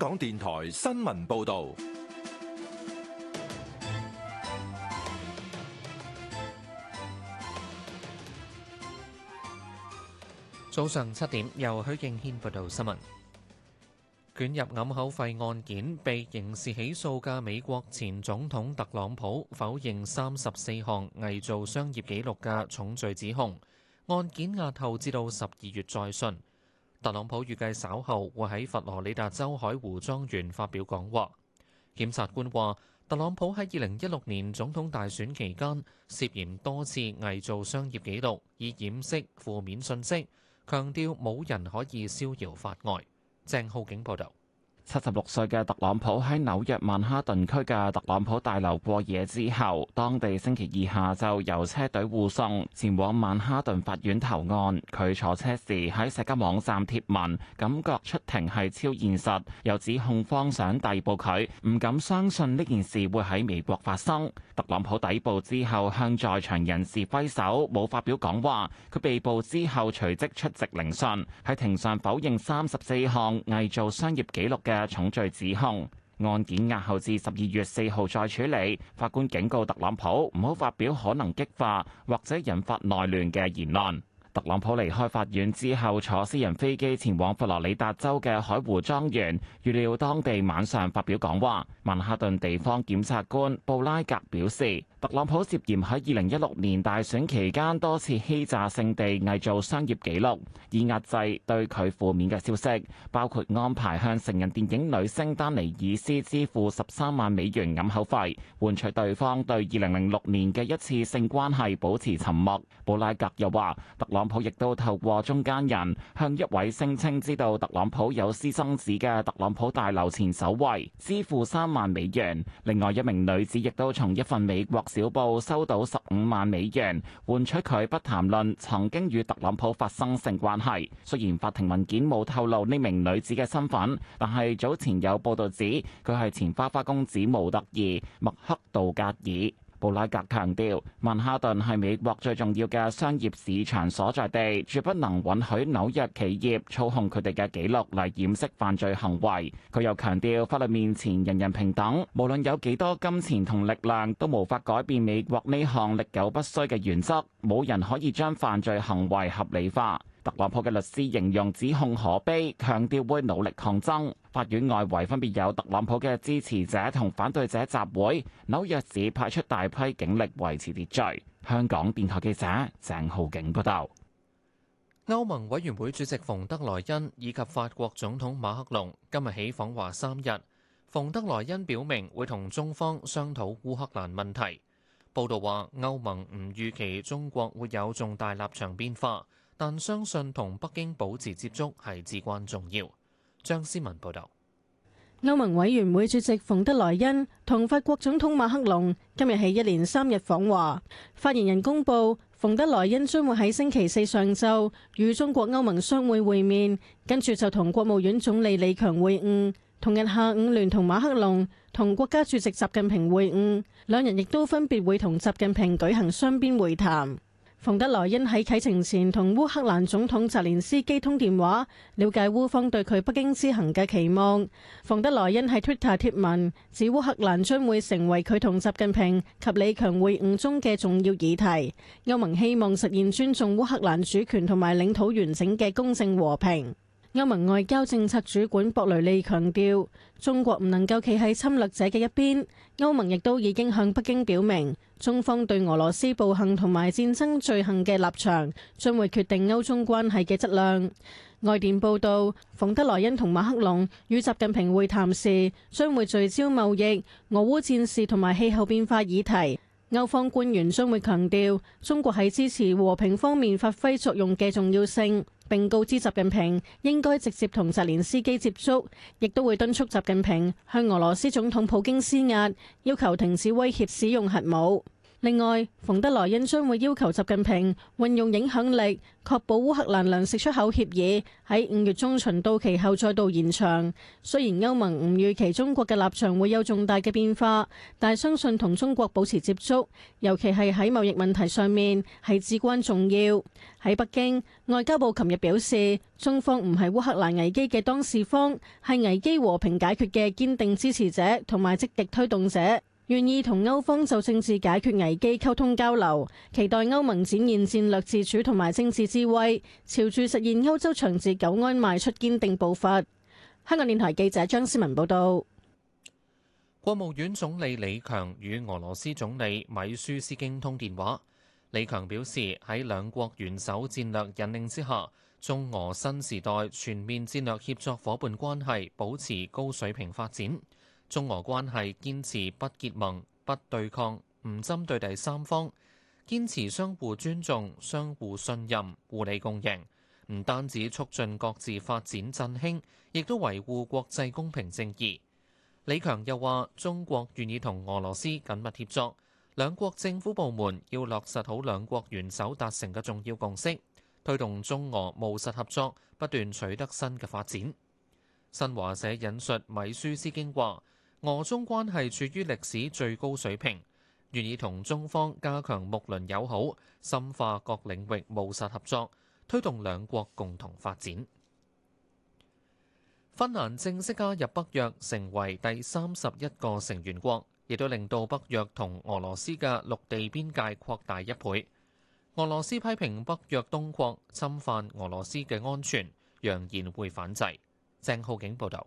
港電台新聞報道，早上七點，由許敬軒報道新聞。捲入掩口費案件，被刑事起訴嘅美國前總統特朗普否認三十四項偽造商業紀錄嘅重罪指控，案件押後至到十二月再訊。特朗普預計稍後會喺佛羅里達州海湖莊園發表講話。檢察官話：特朗普喺二零一六年總統大選期間涉嫌多次偽造商業記錄，以掩飾負面信息，強調冇人可以逍遙法外。鄭浩景報道。七十六歲嘅特朗普喺紐約曼哈頓區嘅特朗普大樓過夜之後，當地星期二下晝由車隊護送前往曼哈頓法院投案。佢坐車時喺社交網站貼文，感覺出庭係超現實，又指控方想逮捕佢，唔敢相信呢件事會喺美國發生。特朗普抵步之後，向在場人士揮手，冇發表講話。佢被捕之後，隨即出席聆訊，喺庭上否認三十四項偽造商業紀錄嘅重罪指控，案件押後至十二月四號再處理，法官警告特朗普唔好發表可能激化或者引發內亂嘅言論。特朗普離開法院之後坐私人飛機前往佛羅里達州嘅海湖莊園，預料當地晚上發表講話。曼哈頓地方檢察官布拉格表示，特朗普涉嫌喺二零一六年大選期間多次欺詐性地偽造商業記錄，以壓制對佢負面嘅消息，包括安排向成人電影女星丹尼爾斯支付十三萬美元掩口費，換取對方對二零零六年嘅一次性關係保持沉默。布拉格又話特朗普。普亦都透過中間人向一位聲稱知道特朗普有私生子嘅特朗普大樓前守衛支付三萬美元。另外一名女子亦都從一份美國小報收到十五萬美元，換取佢不談論曾經與特朗普發生性關係。雖然法庭文件冇透露呢名女子嘅身份，但係早前有報道指佢係前花花公子模特兒·麥克道格爾。布拉格強調，曼哈頓係美國最重要嘅商業市場所在地，絕不能允許紐約企業操控佢哋嘅紀錄嚟掩飾犯罪行為，佢又強調法律面前人人平等，無論有幾多金錢同力量，都無法改變美國呢項歷久不衰嘅原則，冇人可以將犯罪行為合理化。特朗普嘅律師形容指控可悲，強調會努力抗爭。法院外圍分別有特朗普嘅支持者同反對者集會，紐約市派出大批警力維持秩序。香港電台記者鄭浩景報道。歐盟委員會主席馮德萊恩以及法國總統馬克龍今日起訪華三日。馮德萊恩表明會同中方商討烏克蘭問題。報道話，歐盟唔預期中國會有重大立場變化。但相信同北京保持接觸係至關重要。張思文報導，歐盟委員會主席馮德萊恩同法國總統馬克龍今日喺一連三日訪華。發言人公佈，馮德萊恩將會喺星期四上晝與中國歐盟商會會面，跟住就同國務院總理李強會晤。同日下午聯同馬克龍同國家主席習近平會晤，兩人亦都分別會同習近平舉行雙邊會談。馮德萊恩喺啟程前同烏克蘭總統澤連斯基通電話，了解烏方對佢北京之行嘅期望。馮德萊恩喺 Twitter 貼文指烏克蘭將會成為佢同習近平及李強會晤中嘅重要議題。歐盟希望實現尊重烏克蘭主權同埋領土完整嘅公正和平。歐盟外交政策主管博雷利強調，中國唔能夠企喺侵略者嘅一邊。歐盟亦都已經向北京表明，中方對俄羅斯暴行同埋戰爭罪行嘅立場，將會決定歐中關係嘅質量。外電報道，馮德萊恩同馬克龍與習近平會談時，將會聚焦貿易、俄烏戰事同埋氣候變化議題。歐方官員將會強調，中國喺支持和平方面發揮作用嘅重要性。並告知習近平應該直接同澤連斯基接觸，亦都會敦促習近平向俄羅斯總統普京施壓，要求停止威脅使用核武。另外，馮德萊恩將會要求習近平運用影響力，確保烏克蘭糧食出口協議喺五月中旬到期後再度延長。雖然歐盟唔預期中國嘅立場會有重大嘅變化，但係相信同中國保持接觸，尤其係喺貿易問題上面係至關重要。喺北京，外交部琴日表示，中方唔係烏克蘭危機嘅當事方，係危機和平解決嘅堅定支持者同埋積極推動者。願意同歐方就政治解決危機溝通交流，期待歐盟展現戰略自主同埋政治智慧，朝住實現歐洲長治久安邁出堅定步伐。香港電台記者張思文報道。國務院總理李強與俄羅斯總理米舒斯京通電話，李強表示喺兩國元首戰略引領之下，中俄新時代全面戰略協作伙伴關係保持高水平發展。中俄關係堅持不結盟、不對抗、唔針對第三方，堅持相互尊重、相互信任、互利共贏，唔單止促進各自發展振興，亦都維護國際公平正義。李強又話：中國願意同俄羅斯緊密協作，兩國政府部門要落實好兩國元首達成嘅重要共識，推動中俄務實合作，不斷取得新嘅發展。新華社引述米舒斯京話。俄中關係處於歷史最高水平，願意同中方加強睦鄰友好、深化各領域務實合作，推動兩國共同發展。芬蘭正式加入北約，成為第三十一個成員國，亦都令到北約同俄羅斯嘅陸地邊界擴大一倍。俄羅斯批評北約東擴侵犯俄羅斯嘅安全，揚言會反制。鄭浩景報道。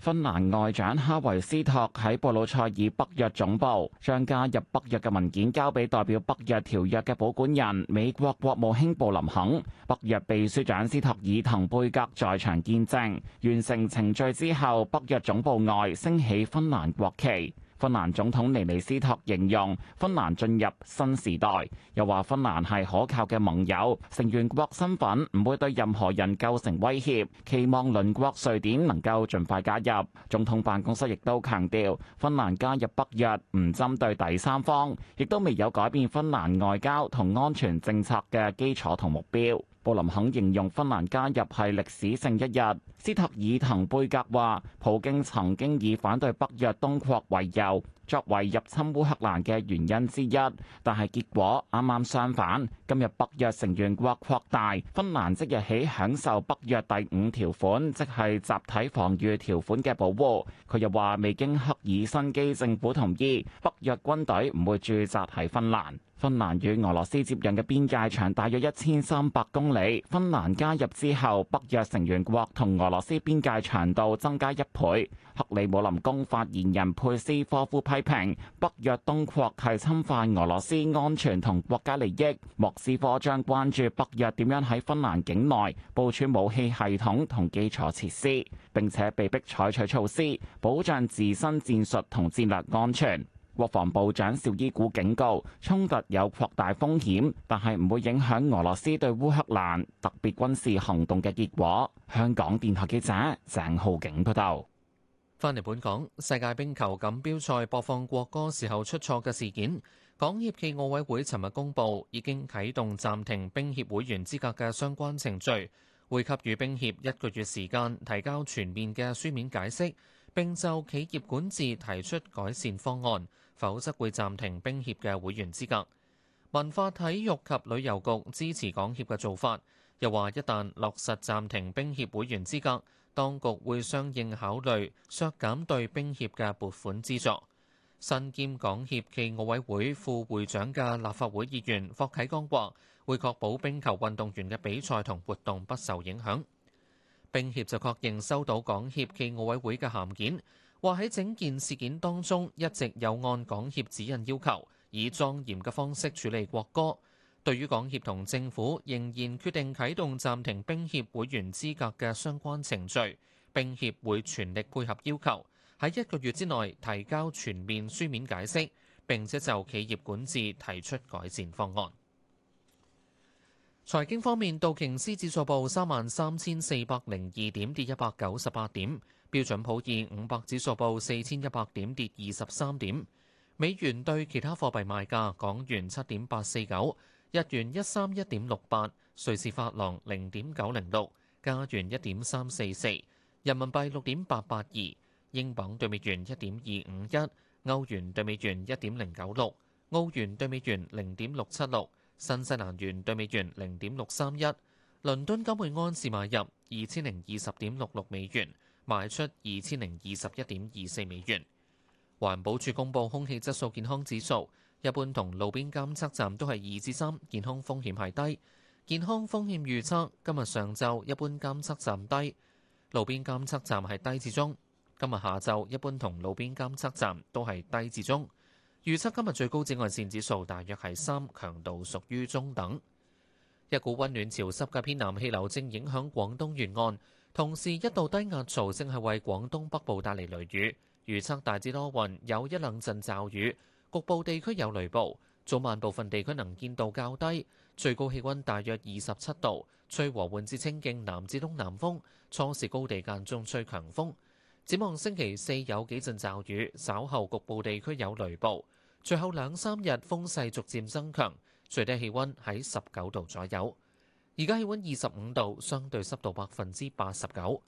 芬蘭外長哈維斯托喺布魯塞爾北約總部，將加入北約嘅文件交俾代表北約條約嘅保管人美國國務卿布林肯，北約秘書長斯托爾滕貝格在場見證。完成程序之後，北約總部外升起芬蘭國旗。芬蘭總統尼尼斯托形容芬蘭進入新時代，又話芬蘭係可靠嘅盟友，成員國身份唔會對任何人構成威脅，期望鄰國瑞典能夠盡快加入。總統辦公室亦都強調，芬蘭加入北約唔針對第三方，亦都未有改變芬蘭外交同安全政策嘅基礎同目標。布林肯形容芬蘭加入係歷史性一日，斯特爾滕貝格話：普京曾經以反對北約東擴為由。作為入侵烏克蘭嘅原因之一，但係結果啱啱相反。今日北約成員國擴大，芬蘭即日起享受北約第五條款，即係集體防禦條款嘅保護。佢又話：未經赫爾辛基政府同意，北約軍隊唔會駐紮喺芬蘭。芬蘭與俄羅斯接壤嘅邊界長大約一千三百公里。芬蘭加入之後，北約成員國同俄羅斯邊界長度增加一倍。克里姆林宮發言人佩斯科夫批批評北約東擴係侵犯俄羅斯安全同國家利益。莫斯科將關注北約點樣喺芬蘭境內部署武器系統同基礎設施，並且被迫採取措施保障自身戰術同戰略安全。國防部長紹伊古警告，衝突有擴大風險，但係唔會影響俄羅斯對烏克蘭特別軍事行動嘅結果。香港電台記者鄭浩景報道。翻嚟本港，世界冰球錦標賽播放國歌時候出錯嘅事件，港協暨奧委會尋日公布已經啟動暫停冰協會員資格嘅相關程序，會給予冰協一個月時間提交全面嘅書面解釋，並就企業管治提出改善方案，否則會暫停冰協嘅會員資格。文化體育及旅遊局支持港協嘅做法，又話一旦落實暫停冰協會員資格。當局會相應考慮削減對冰協嘅撥款資助。身兼港協暨奧委會副會，副會長嘅立法會議員霍啟剛話：會確保冰球運動員嘅比賽同活動不受影響。冰協就確認收到港協暨奧委會嘅函件，話喺整件事件當中一直有按港協指引要求，以莊嚴嘅方式處理國歌。對於港協同政府仍然決定啟動暫停冰協會員資格嘅相關程序，並協會全力配合要求，喺一個月之內提交全面書面解釋，並且就企業管治提出改善方案。財經方面，道瓊斯指數報三萬三千四百零二點，跌一百九十八點；標準普爾五百指數報四千一百點，跌二十三點。美元兌其他貨幣賣價，港元七點八四九。日元一三一點六八，瑞士法郎零點九零六，加元一點三四四，人民幣六點八八二，英鎊對美元一點二五一，歐元對美元一點零九六，澳元對美元零點六七六，新西蘭元對美元零點六三一。倫敦金會安士買入二千零二十點六六美元，賣出二千零二十一點二四美元。環保署公布空氣質素健康指數。一般同路邊監測站都係二至三，3，健康風險係低。健康風險預測今日上晝一般監測站低，路邊監測站係低至中。今日下晝一般同路邊監測站都係低至中。預測今日最高紫外線指數大約係三，強度屬於中等。一股溫暖潮濕嘅偏南氣流正影響廣東沿岸，同時一道低壓槽正係為廣東北部帶嚟雷雨。預測大致多雲，有一兩陣驟雨。局部地區有雷暴，早晚部分地區能見度較低，最高氣温大約二十七度，吹和緩至清勁南至東南風，初時高地間中吹強風。展望星期四有幾陣驟雨，稍後局部地區有雷暴，最後兩三日風勢逐漸增強，最低氣温喺十九度左右。而家氣温二十五度，相對濕度百分之八十九。